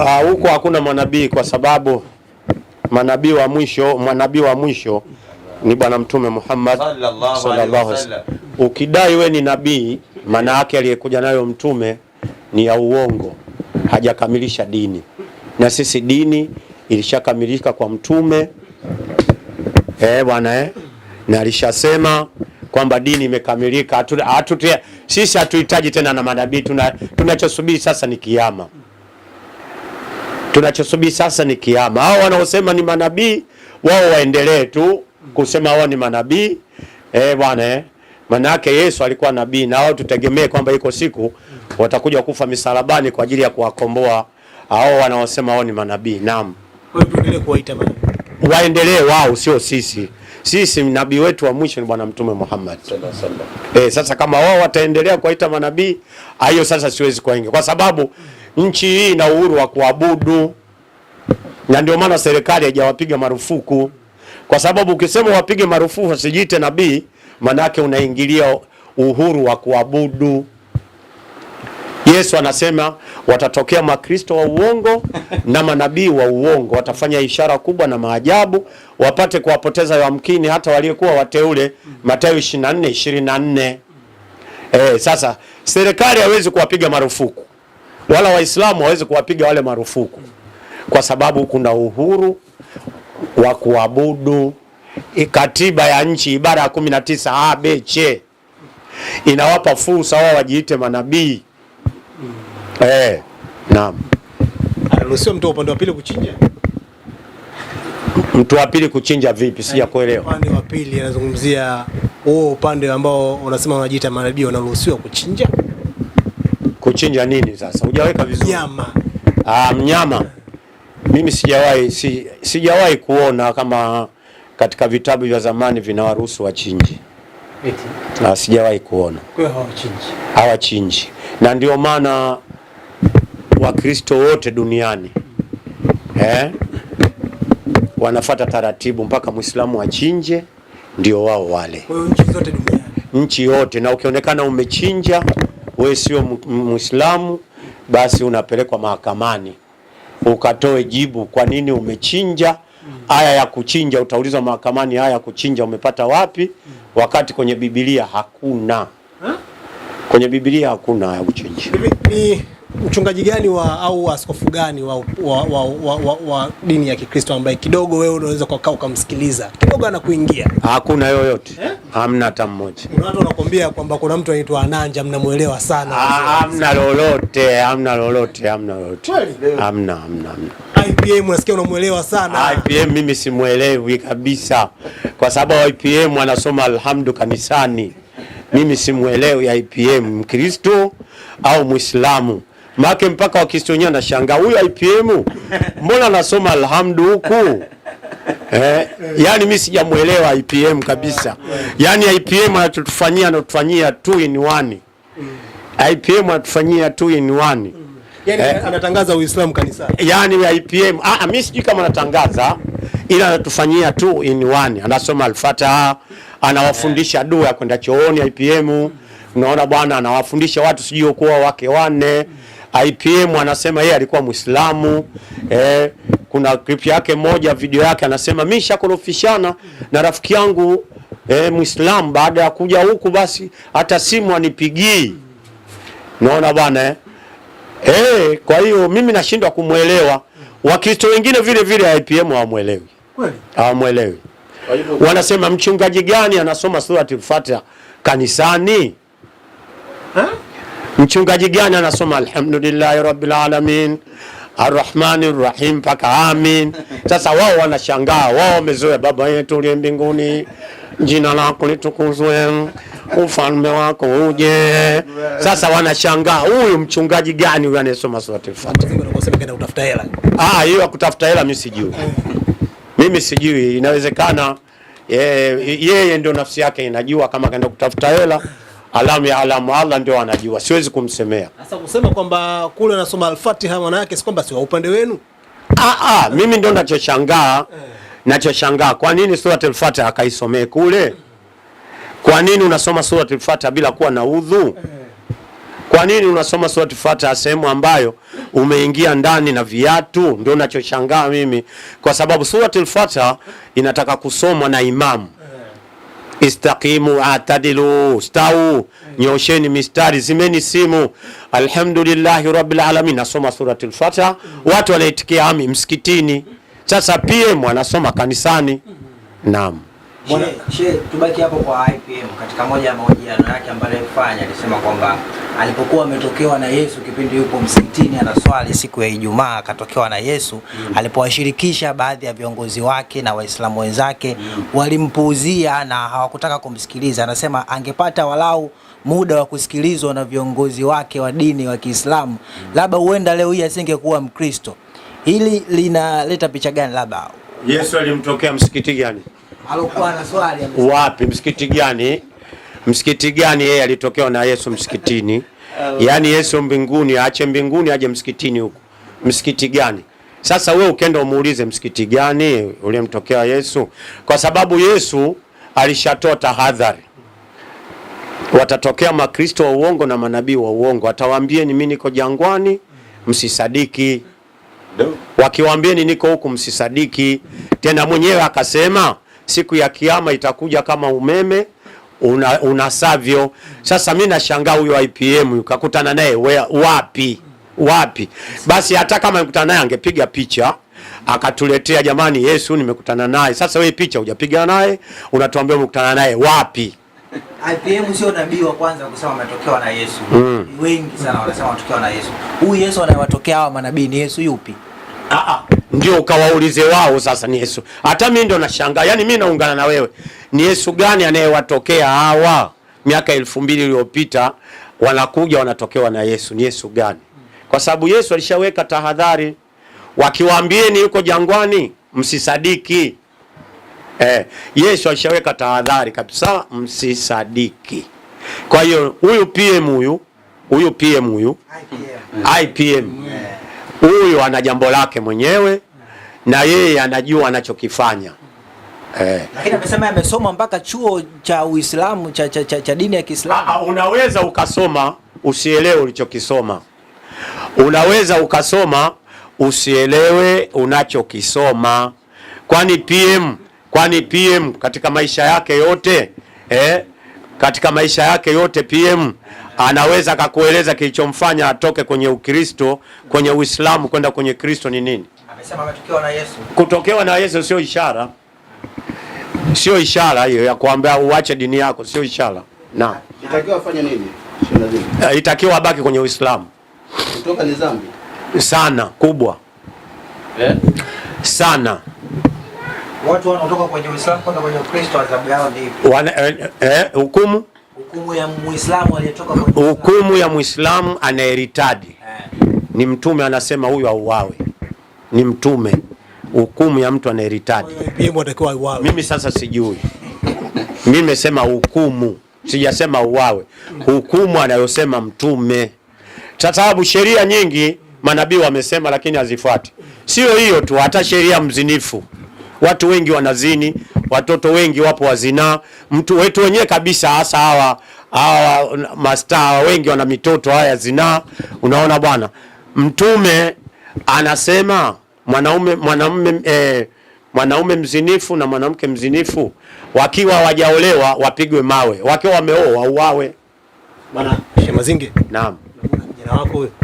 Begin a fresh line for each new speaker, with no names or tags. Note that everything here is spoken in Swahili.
Ah, huko uh, hakuna mwanabii kwa sababu manabii wa mwisho, manabii wa mwisho ni Bwana Mtume Muhammad
sallallahu alaihi wasallam.
Ukidai we ni nabii, maana yake aliyekuja nayo mtume ni ya uongo, hajakamilisha dini, na sisi dini ilishakamilika kwa mtume eh, bwana eh, na alishasema kwamba dini imekamilika. Hatu, hatu, sisi hatuhitaji tena na manabii. Tunachosubiri tuna sasa ni kiama. Tunachosubiri sasa ni kiama. Hao wanaosema ni manabii wao waendelee tu kusema wao ni manabii eh, bwana eh. Yesu alikuwa nabii na wao tutegemee kwamba iko siku watakuja kufa misalabani kwa ajili ya kuwakomboa hao wanaosema wao ni manabii. Naam. Waendelee wao, sio sisi. Sisi nabii wetu wa mwisho ni Bwana Mtume Muhammad. Eh, sasa kama wao wataendelea kuwaita manabii, hiyo sasa siwezi kuwaingia kwa sababu Nchi hii ina uhuru wa kuabudu, na ndio maana serikali haijawapiga marufuku, kwa sababu ukisema wapige marufuku wasijiite nabii, manake unaingilia uhuru wa kuabudu. Yesu anasema watatokea makristo wa uongo na manabii wa uongo, watafanya ishara kubwa na maajabu, wapate kuwapoteza yamkini hata waliokuwa wateule, Mathayo 24 24. Eh, sasa serikali hawezi kuwapiga marufuku wala Waislamu hawezi kuwapiga wale marufuku, kwa sababu kuna uhuru wa kuabudu. Katiba ya nchi ibara ya 19 a b c inawapa fursa wao wajiite manabii mm. Eh, naam,
anaruhusiwa mtu wa upande wa pili kuchinja.
Mtu wa pili kuchinja vipi? Sijakuelewa.
Upande wa pili anazungumzia huo upande ambao unasema wanajiita manabii, wanaruhusiwa kuchinja
kuchinja nini sasa? Hujaweka vizuri. Mnyama. Ah, mnyama. Mimi sijawahi si, sijawahi kuona kama katika vitabu vya zamani vinawaruhusu wachinji. Eti. na ah, sijawahi kuona. Kwa hiyo hawachinji. Hawachinji. Na ndio maana Wakristo wote duniani eh, wanafata taratibu mpaka Muislamu achinje ndio wao wale.
Kwa hiyo nchi zote duniani.
Nchi yote na ukionekana umechinja wewe sio Muislamu, basi unapelekwa mahakamani ukatoe jibu, kwa nini umechinja. Aya ya kuchinja utaulizwa mahakamani, aya ya kuchinja umepata wapi? Wakati kwenye Biblia hakuna, kwenye Biblia hakuna aya ya kuchinja
mchungaji gani wa au askofu gani wa, wa, wa, wa, wa, wa dini ya Kikristo ambaye kidogo wewe unaweza kukaa ukamsikiliza kidogo anakuingia?
Hakuna yoyote eh? Hamna hata mmoja.
Kuna watu wanakuambia kwamba kuna mtu anaitwa Ananja, mnamuelewa sana.
Ah, hamna lolote, hamna lolote, hamna lolote, hamna, hamna, hamna.
IPM unasikia unamuelewa sana.
IPM mimi simuelewi kabisa, kwa sababu IPM anasoma alhamdu kanisani, mimi simuelewi IPM Mkristo au Mwislamu. Make mpaka wakistonia na shanga huyu IPM mbona anasoma alhamdu huku eh? Yani mimi sijamuelewa IPM kabisa. Yani IPM anatufanyia anatufanyia tu in one. IPM anatufanyia tu in one. Yani eh,
anatangaza Uislamu kanisani.
Yani IPM ah, ah, mimi sijui kama anatangaza ila anatufanyia tu in one. Anasoma alfataha, anawafundisha dua ya kwenda chooni IPM. Unaona bwana, anawafundisha watu sijui kuoa wake wanne. IPM anasema yeye alikuwa Muislamu eh, kuna clip yake moja video yake anasema mimi shakorofishana na rafiki yangu eh, Muislamu, baada ya kuja huku basi hata simu anipigii. Naona bwana eh? Eh, kwa hiyo mimi nashindwa kumwelewa. Wakristo wengine vile vile IPM hawamwelewi, hawamwelewi. Wanasema mchungaji gani anasoma surati Fatiha kanisani eh? Mchungaji gani anasoma alhamdulillahi rabbil alamin arrahmani rahim mpaka amin? Sasa wao wanashangaa, wao wamezoea, baba yetu uliye mbinguni, jina lako litukuzwe, ufalme wako uje. Sasa wanashangaa, huyu mchungaji gani huyu anayesoma suratul Fatiha? Ah, hiyo akutafuta hela, mimi sijui, mimi sijui, inawezekana eh, yeye ndio nafsi yake inajua kama kaenda kutafuta hela alamu ya alamu Allah ndio anajua, siwezi kumsemea.
Sasa kusema kwamba kule anasoma Al-Fatiha maana yake si kwamba si wa upande wenu?
Ah, ah, mimi ndio nachoshangaa nachoshangaa, kwa nini sura Al-Fatiha akaisomee kule? Kwa nini unasoma sura Al-Fatiha bila kuwa na udhu? Kwa nini unasoma sura Al-Fatiha sehemu ambayo umeingia ndani na viatu? Ndio nachoshangaa mimi, kwa sababu sura Al-Fatiha inataka kusomwa na imamu Istaqimu atadilu, stau, nyosheni mistari, zimeni simu. Alhamdulillahi rabbil Nasoma surat Fatiha, watu wanaitikia ami msikitini. Sasa PM anasoma kanisani. Naam.
She, tubaki hapo kwa IPM. Katika moja ya mahojiano yake ambayo alifanya alisema kwamba alipokuwa ametokewa na Yesu kipindi yupo msikitini anaswali siku ya Ijumaa, akatokewa na Yesu mm. Alipowashirikisha baadhi ya viongozi wake na Waislamu wenzake mm. walimpuuzia na hawakutaka kumsikiliza. Anasema angepata walau muda wa kusikilizwa na viongozi wake wa dini wa Kiislamu mm. labda huenda leo hii asingekuwa Mkristo. Hili linaleta picha gani? Labda
Yesu alimtokea msikiti gani?
Alokuwa na swali
wapi, msikiti gani? Msikiti gani yeye alitokewa na Yesu msikitini? Yaani Yesu mbinguni, aache mbinguni aje msikitini huko. Msikiti gani? Sasa we ukenda umuulize msikiti gani ulimtokea Yesu, kwa sababu Yesu alishatoa tahadhari, watatokea makristo wa uongo na manabii wa uongo, ni mimi niko jangwani, msisadiki, ni niko huku, msisadiki. Tena mwenyewe akasema siku ya Kiyama itakuja kama umeme una, unasavyo. Sasa mi nashangaa huyo IPM ukakutana naye wapi wapi? Basi hata kama mkutana naye angepiga picha akatuletea, jamani, Yesu nimekutana naye. Sasa wewe picha hujapiga naye, unatuambia umekutana naye wapi?
IPM sio nabii wa kwanza kusema ametokewa na Yesu. Mm. Wengi sana wanasema wanatokewa na Yesu. Huyu Yesu anayewatokea hawa manabii ni Yesu yupi?
ndio ukawaulize wao sasa ni Yesu. Hata mimi ndio nashangaa, yaani mimi naungana na wewe, ni Yesu gani anayewatokea hawa? Miaka elfu mbili iliyopita wanakuja wanatokewa na Yesu, ni Yesu gani? Kwa sababu Yesu alishaweka tahadhari, wakiwaambieni yuko jangwani msisadiki. Eh, Yesu alishaweka tahadhari kabisa, msisadiki. Kwa hiyo huyu PM huyu huyu PM huyu IPM huyu ana jambo lake mwenyewe na yeye anajua anachokifanya. Eh.
Lakini amesema amesoma mpaka chuo cha Uislamu cha, cha, cha, cha dini ya Kiislamu.
Unaweza ukasoma usielewe ulichokisoma. Unaweza ukasoma usielewe unachokisoma. Kwani PM, kwani PM katika maisha yake yote eh, katika maisha yake yote PM anaweza akakueleza kilichomfanya atoke kwenye Ukristo kwenye Uislamu kwenda kwenye Kristo ni nini?
Sema tukiwa na Yesu.
Kutokewa na Yesu sio ishara, sio ishara hiyo ya kuambia uache dini yako, sio ishara na
itakiwa afanye nini?
Eh, itakiwa abaki kwenye Uislamu.
Kutoka ni dhambi
sana kubwa eh? Sana
watu wanaotoka kwenye Uislamu kwenda kwenye Ukristo, adhabu yao ndio
wana eh, eh, hukumu
hukumu ya Muislamu aliyetoka
kwenye hukumu ya Muislamu anayeritadi eh, ni mtume anasema huyu auawe ni mtume. Hukumu ya mtu anayeritadi mimi sasa sijui, mimi nimesema hukumu, sijasema uwawe. Hukumu anayosema mtume, sababu sheria nyingi manabii wamesema, lakini hazifuati. Sio hiyo tu, hata sheria mzinifu, watu wengi wanazini, watoto wengi wapo wazinaa, mtu wetu wenyewe kabisa, hasa hawa hawa mastaa wengi wana mitoto haya zinaa. Unaona bwana, mtume anasema mwanaume mwanaume eh, mwanaume mzinifu na mwanamke mzinifu wakiwa wajaolewa wapigwe mawe, wakiwa wameoa wauawe. Bwana Shemazinge, naam, jina lako